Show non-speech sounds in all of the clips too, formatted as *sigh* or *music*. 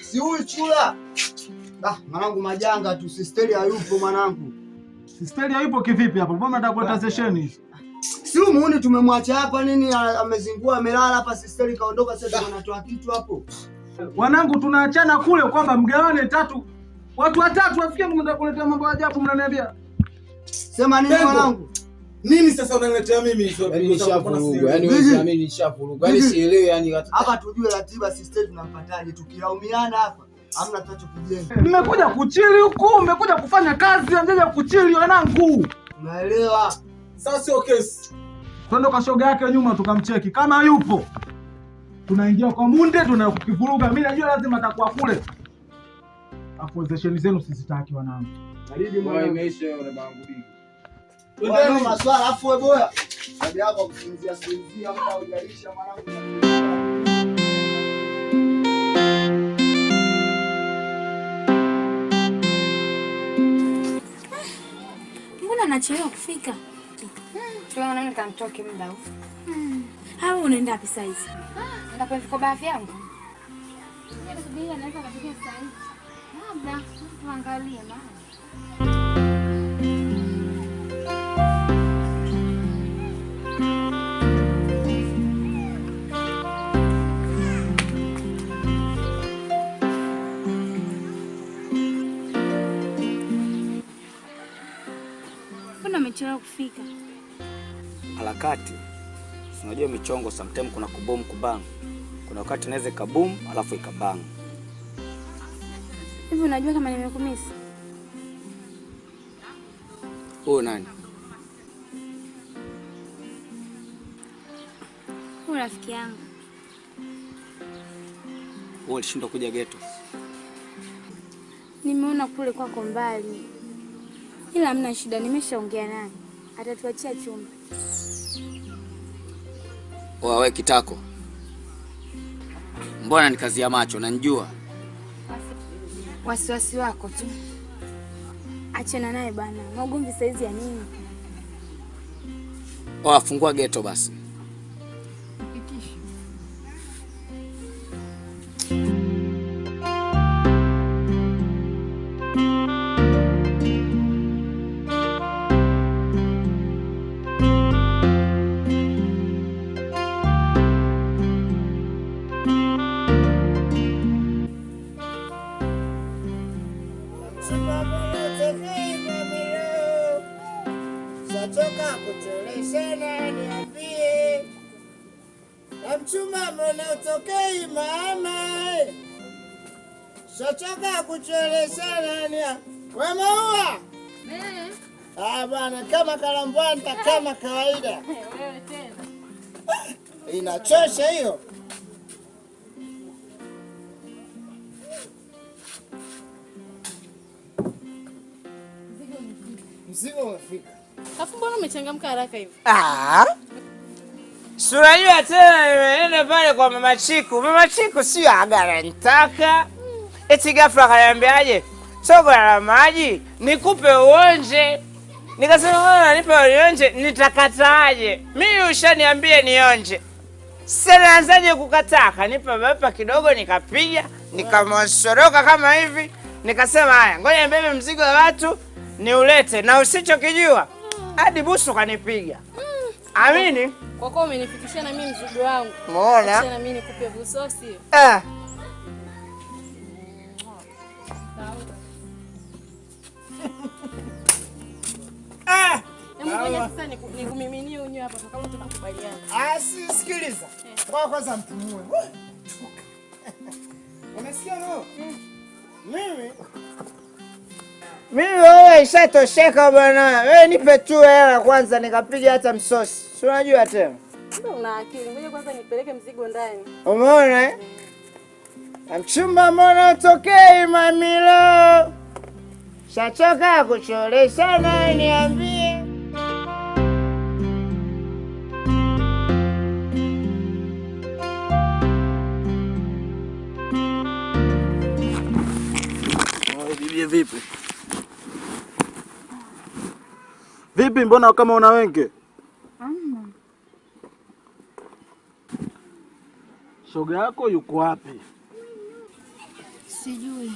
Si huyu chula mwanangu, majanga tu. Sisteli hayupo mwanangu. Sisteli hayupo kivipi Mbona sesheni? Si muuni tumemwacha hapa nini, amezingua amelala hapa. kaondoka sasa, anatoa kitu hapo. Wanangu, tunaachana kule kwamba mgawane tatu, watu watatu wafike. mnataka kuleta mambo ajabu, mnaniambia sema nini wanangu? Nini sasa unaniletea mimi hizo? Yaani nishavuruga. Yaani wewe unaamini nishavuruga. Yaani sielewi yaani hapa tujue ratiba sister tunampataje tukiaumiana hapa. Hamna tacho kujenga. Nimekuja kuchili huku, nimekuja kufanya kazi, hamjaja kuchili wanangu. Unaelewa? Sasa sio kesi. Twende kwa shoga yake nyuma tukamcheki kama yupo. Tunaingia kwa munde tunakukivuruga. Mimi najua lazima atakuwa kule. Afuezesheni zenu sizitaki wanangu. Karibu mwana imeisha yule bangu bigi maswala afu wewe boya tabia yako Mbona nachelewa kufika? Tunaona muda huu. Hmm. Au unaenda wapi sasa hizi? Ah, naenda kwa vikoba vyangu. Anaweza mama. kufika. Harakati unajua michongo sometimes kuna kubomu kubang, kuna wakati inaweza ikabomu alafu ikabang. Hivi unajua kama nimekumisi? Huyu nani? Huyu rafiki yangu. Wewe ulishindwa kuja geto? Nimeona kule kwako mbali, ila hamna shida, nimeshaongea naye atatuachia chumba. Wawe kitako, mbona ni kazi ya macho, nanjua wasiwasi wako tu. Achana naye bana, maugomvi saizi ya nini? Wafungua geto basi. Ujachoka kucheleshana niambie, na mchuma mbona utokei mama? Shachoka kucheleshana nia we maua eh. ah, kama kalambwanta kama kawaida *laughs* inachosha hiyo. Mzigo umefika. Alafu mbona umechangamka haraka hivi? Ah. Si unajua tena nimeenda pale kwa Mama Chiku. Mama Chiku sio agarantaka. nitaka. Mm. Eti ghafla kaniambiaje? Soko la maji nikupe uonje. Nikasema wewe unanipa uonje nitakataaje? Mimi ushaniambie nionje. Sasa naanzaje kukataa? Kanipa bapa kidogo nikapiga, nikamosoroka kama hivi. Nikasema haya, ngoja nibebe mzigo wa watu niulete na usichokijua hadi busu kanipiga. Mm. Amini kwa kwa umenifikishia na mimi mzigo wangu. Umeona? Na mimi nikupe busu sio? Eh. *laughs* eh. Sikiliza eh. kwanza, mpumue. Umesikia? *laughs* Mm. Mimi mimi wewe ishatosheka bwana. Wewe nipe tu hela kwanza nikapiga hata msosi. Si unajua tena. Una akili. Ngoja kwanza nipeleke mzigo ndani. Umeona eh? Mchumba mbona utokei mamilo? Shachoka kuchore sana niambie. Vipi, mbona kama una wenge? Shoga yako yuko wapi? Sijui.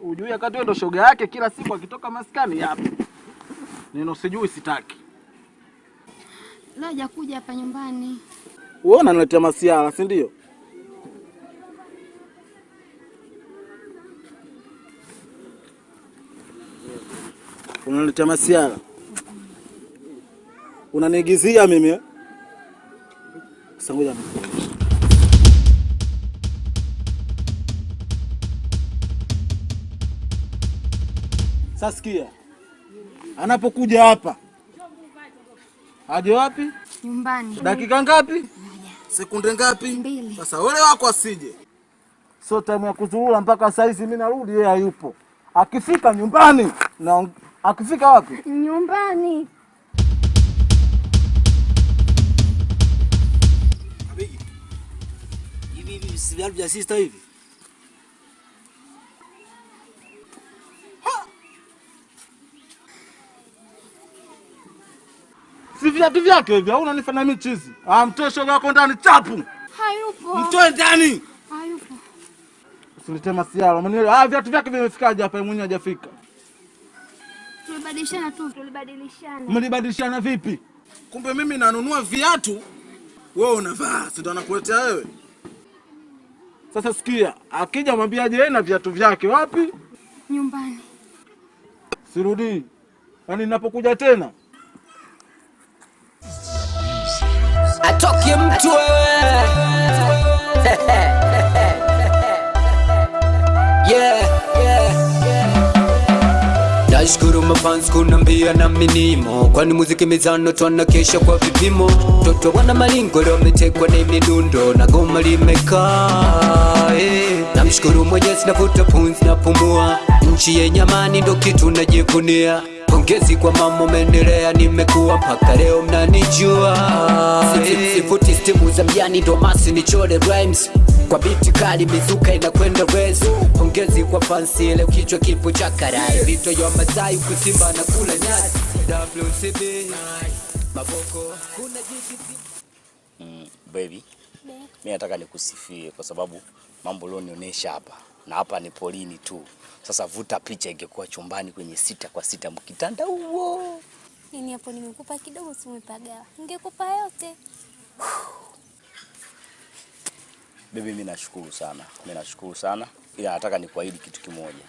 Ujui akati ndo shoga yake, kila siku akitoka maskani yapi? Neno sijui sitaki. Leo hajakuja hapa nyumbani. Wewe unaniletea masiara, si ndio? Unaniletea masiara unanigizia mimi sangoja eh? sasa. anapokuja hapa aje wapi? Nyumbani. dakika ngapi? sekunde ngapi? Sasa ole wako asije, so time ya kuzuula mpaka saizi. Mimi narudi, yeye hayupo. Akifika nyumbani na akifika wapi? Nyumbani. si vya vya sister hivi. Si viatu vyake hivi, au unanifanya mimi chizi? Ah, mtoe shoga yako ndani chapu. Hayupo. Mtoe ndani. Hayupo. Usilete masiala. Umeelewa? Ah, viatu vyake vimefikaje hapa mwenyewe hajafika. Tulibadilishana tu, tulibadilishana. Mlibadilishana vipi? Kumbe mimi nanunua viatu wewe unavaa, si ndo nakuletea wewe? Sasa sikia, akija mwambia je, na viatu vyake wapi? Nyumbani. Sirudi. Yaani ninapokuja tena atoke mtu wewe Nashukuru mafans kunambia na minimo, kwani muziki mizano kesha kwa vipimo. Toto wana malingo leo wametekwa na midundo na goma limekaa eh. Namshukuru Mwenyezi navuta pumzi na pumua, nchi yenye amani ndo kitu najivunia. Pongezi kwa mama, umeendelea nimekuwa mpaka leo mnanijua. Eh. Sifuti stimu za mjani ndo masi nichore rhymes kwa biti kali mizuka inakwenda wezu pongezi kwa fansi ile kichwa kipo cha karai, vito ya mazai kusimba na kula nyasi WCB maboko kuna jiki mm, baby mimi nataka nikusifie kwa sababu mambo leo nionyesha hapa na hapa ni polini tu. Sasa vuta picha, ingekuwa chumbani kwenye sita kwa sita mkitanda huo. Nini hapo, nimekupa kidogo, si umepagawa? Ningekupa yote Bibi, mimi nashukuru sana, mimi nashukuru sana, ila nataka nikuahidi kitu kimoja.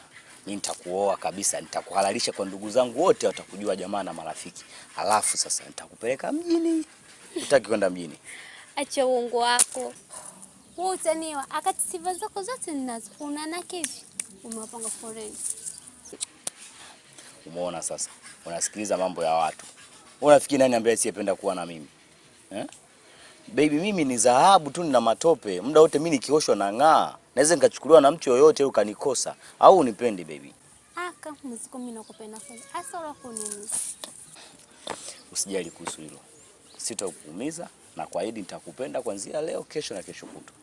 Mimi nitakuoa kabisa, nitakuhalalisha kwa ndugu zangu wote, watakujua jamaa na marafiki, alafu sasa nitakupeleka mjini. Utaki kwenda mjini? Acha uongo wako, wewe utaniwa. Akati sifa zako zote ninazo, na kivi umepanga foreign. Umeona sasa, unasikiliza mambo ya watu. Unafikiri nani ambaye asiyependa kuwa na mimi eh? Baby, mimi ni dhahabu tu, nina matope muda wote. Mimi nikioshwa na ng'aa, naweza nikachukuliwa na mtu yoyote, ukanikosa au unipende baby. Aka ah, mimi nakupenda sana kunini. Usijali kuhusu hilo, sitakuumiza na kuahidi nitakupenda kuanzia leo, kesho na kesho kutwa.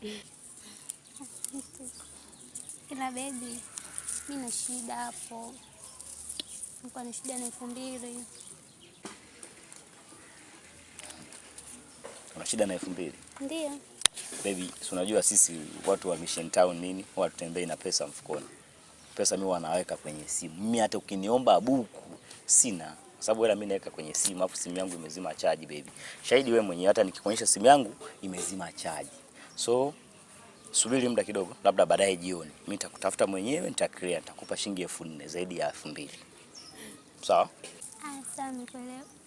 *laughs* Ila baby, mimi na shida hapo, niko na shida na elfu mbili Una shida na elfu mbili? Ndio. Baby, unajua sisi watu wa Mission Town nini, huwa tutembei na pesa mfukoni. Pesa mimi wanaweka kwenye simu. Mimi hata ukiniomba buku sina, sababu hela mimi naweka kwenye simu, afu simu yangu imezima chaji baby. Shahidi wewe mwenyewe, hata nikikuonyesha simu yangu imezima chaji. So subiri muda kidogo, labda baadaye jioni mimi nitakutafuta mwenyewe, nitakrea, nitakupa shilingi elfu nne zaidi ya elfu mbili. Sawa? Asante leo.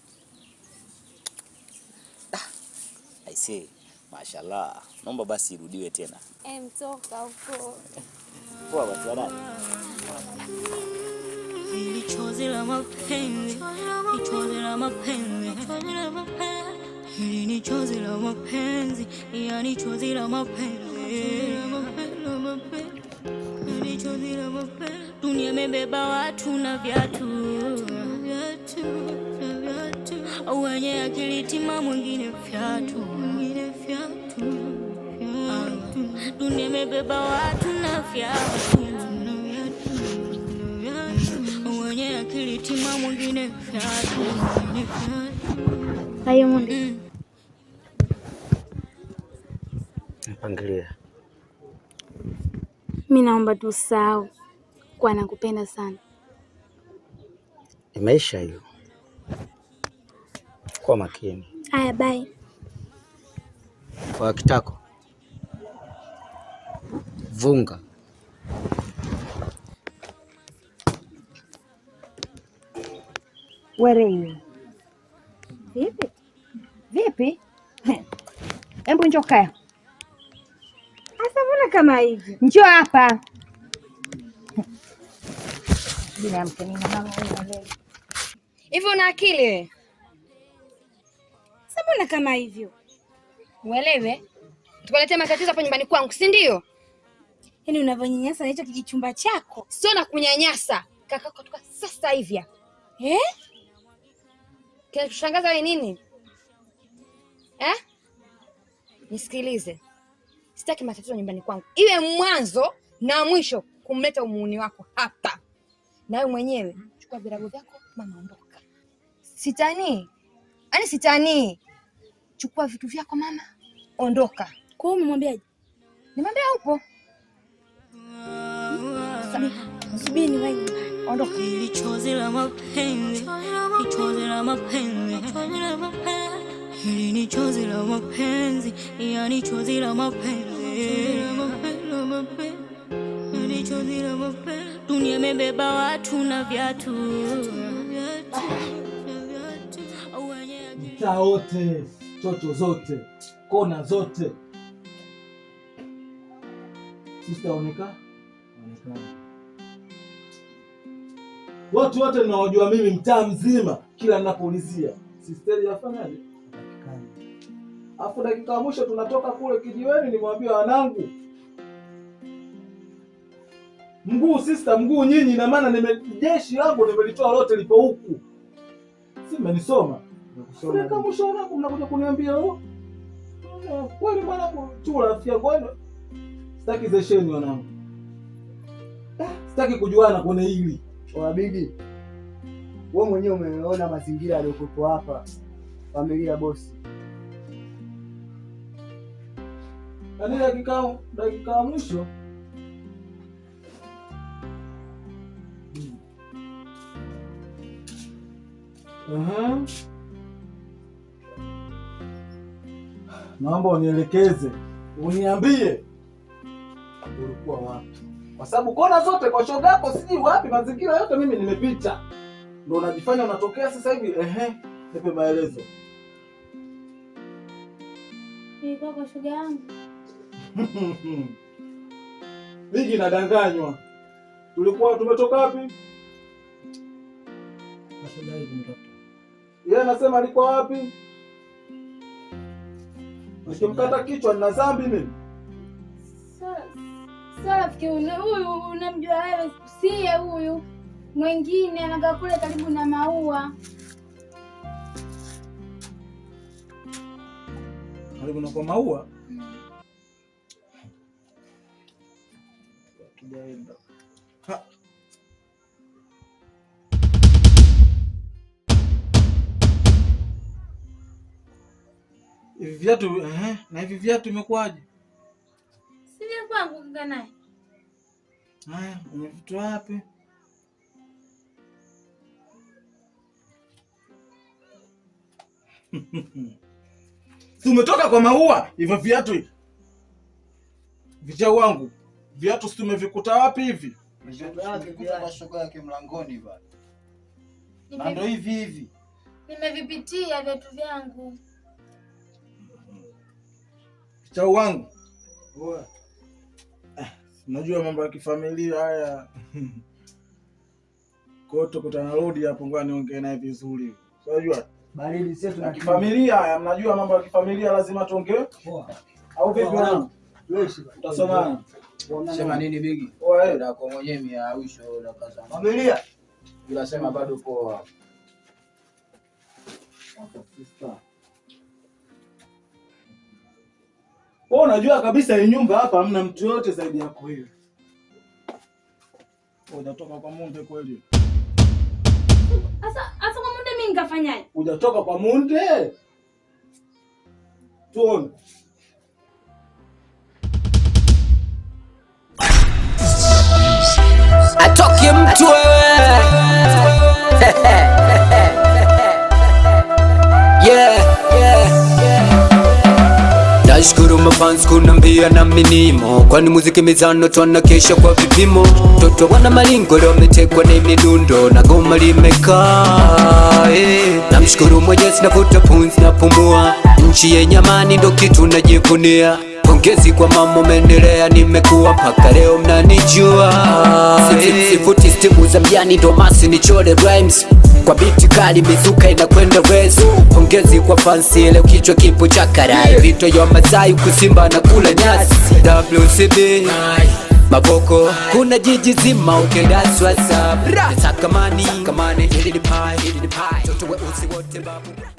Aisee, mashallah. Naomba basi irudiwe tena. Eh, mtoka huko. Poa watu wa nani? Ni chozi la mapenzi, ni chozi la mapenzi, ni chozi la mapenzi, yani chozi la mapenzi. Dunia imebeba watu na viatu wenye akili timamu, viatu vyatu ah. dunia imebeba watu na vyatu wenye akili tima mwingine vyatu hayo mundi mpangilia mm. mi naomba tu sahau kwa nakupenda sana maisha hiyo kwa makini haya bye kwa kitako vunga wereiwe vipi vipi, hebu *laughs* njoo kaya kama hivi? Njoo hapa hivyo una akili wewe? Sasa kama hivyo? uelewe, tukuletea matatizo hapo nyumbani kwangu, si ndio? Yaani unavyonyanyasa hicho kijichumba chako. Sio na kunyanyasa kakako, kutoka sasa hivi eh? Kinakushangaza wewe nini eh? Nisikilize, sitaki matatizo nyumbani kwangu, iwe mwanzo na mwisho kumleta umuuni wako hapa. Nawe mwenyewe chukua virago vyako, mama, ondoka. Sitani ani sitanii yaani chukua vitu vyako mama, ondoka. Kwa hiyo umemwambiaje? Nimwambia upo. Subiri wewe, ondoka. Ni la mapenzi, ni la mapenzi, ni la mapenzi, ni chozi la mapenzi dunia imebeba watu na viatu wote chocho zote, kona zote, sitaoneka onekana. Watu wote naojua mimi, mtaa mzima, kila ninapoulizia sisteri yafanyaje, afu dakika ya mwisho tunatoka kule kijiweni, nimwambia wanangu mguu sista, mguu nyinyi, na maana jeshi langu nimelitoa lote lipo huku, si mmenisoma Fika mwisho wangu mnakuja kuniambia oh, eh, kweli mwanangu, chula ah, rafiki yangu, sitaki zesheni wanangu, sitaki kujuana kwenye hili wabidi. Wewe mwenyewe umeona mazingira yaliyokuwepo hapa, familia bosi ani dakika dakika mwisho hmm. uh -huh. naomba unielekeze, uniambie ulikuwa wapi, kwa sababu kona zote kwa shoga yako sijui wapi, mazingira yote mimi nimepita, ndo unajifanya unatokea sasa hivi. Ehe, nipe maelezo. Nilikuwa kwa shoga yangu *laughs* Migi, nadanganywa. Tulikuwa tumetoka wapi? Yeye anasema alikuwa wapi? Nikimkata kichwa nina dhambi mimi? Sasa rafiki huyu unamjua wewe, sie huyu mwingine anaga kule karibu na maua. Karibu na kwa maua? Mm. Tujaenda. Hivi viatu eh, na hivi viatu imekuwaje? Si vya kwangu kaka naye. Haya, umevitoa wapi? *laughs* Si umetoka kwa maua hivyo viatu vija wangu viatu si tumevikuta wapi hivi? Nimevikuta kwa shoko yake mlangoni bana. Na ndio hivi hivi. Nimevipitia viatu vyangu cha wangu ah, unajua mambo ya kifamilia haya. *laughs* Kwa hiyo tukutanarudi hapo, ngoja niongee naye vizuri. Unajua baridi sio tuna kifamilia haya, mnajua mambo ya kifamilia lazima tuongee, poa au vipi? Wangu utasoma sema nini? Bigi na eh. kwa mwenyewe mia wisho na kaza familia, unasema bado poa Wewe unajua kabisa hii nyumba hapa hamna mtu yote zaidi yako wewe. Hujatoka kwa munde kweli. Asa asa kwa munde mimi ngafanyaje? Hujatoka kwa munde? Tuone. Atoke mtu wewe. *laughs* Nashukuru mafans kunambia na minimo, kwani muziki mizano twana kesha kwa vipimo. Toto wana malingo leo wametekwa na midundo na goma limekaa eh. Namshukuru Mwenyezi navuta pumzi napumua, nchi yenye amani ndo kitu najivunia. Pongezi kwa mama, umeendelea nimekuwa mpaka leo mnanijua. Sifuti stimu za mjani domasi ni chole rhymes kwa biti kali mizuka inakwenda wezu. Pongezi kwa fansi leo kichwa kipo cha karai, vito ya Masai kusimba na kula nyasi WCB maboko kuna jiji zima ukendaswa sabra sakamani mani, hili ni pai, hili ni pai, toto weusi wote babu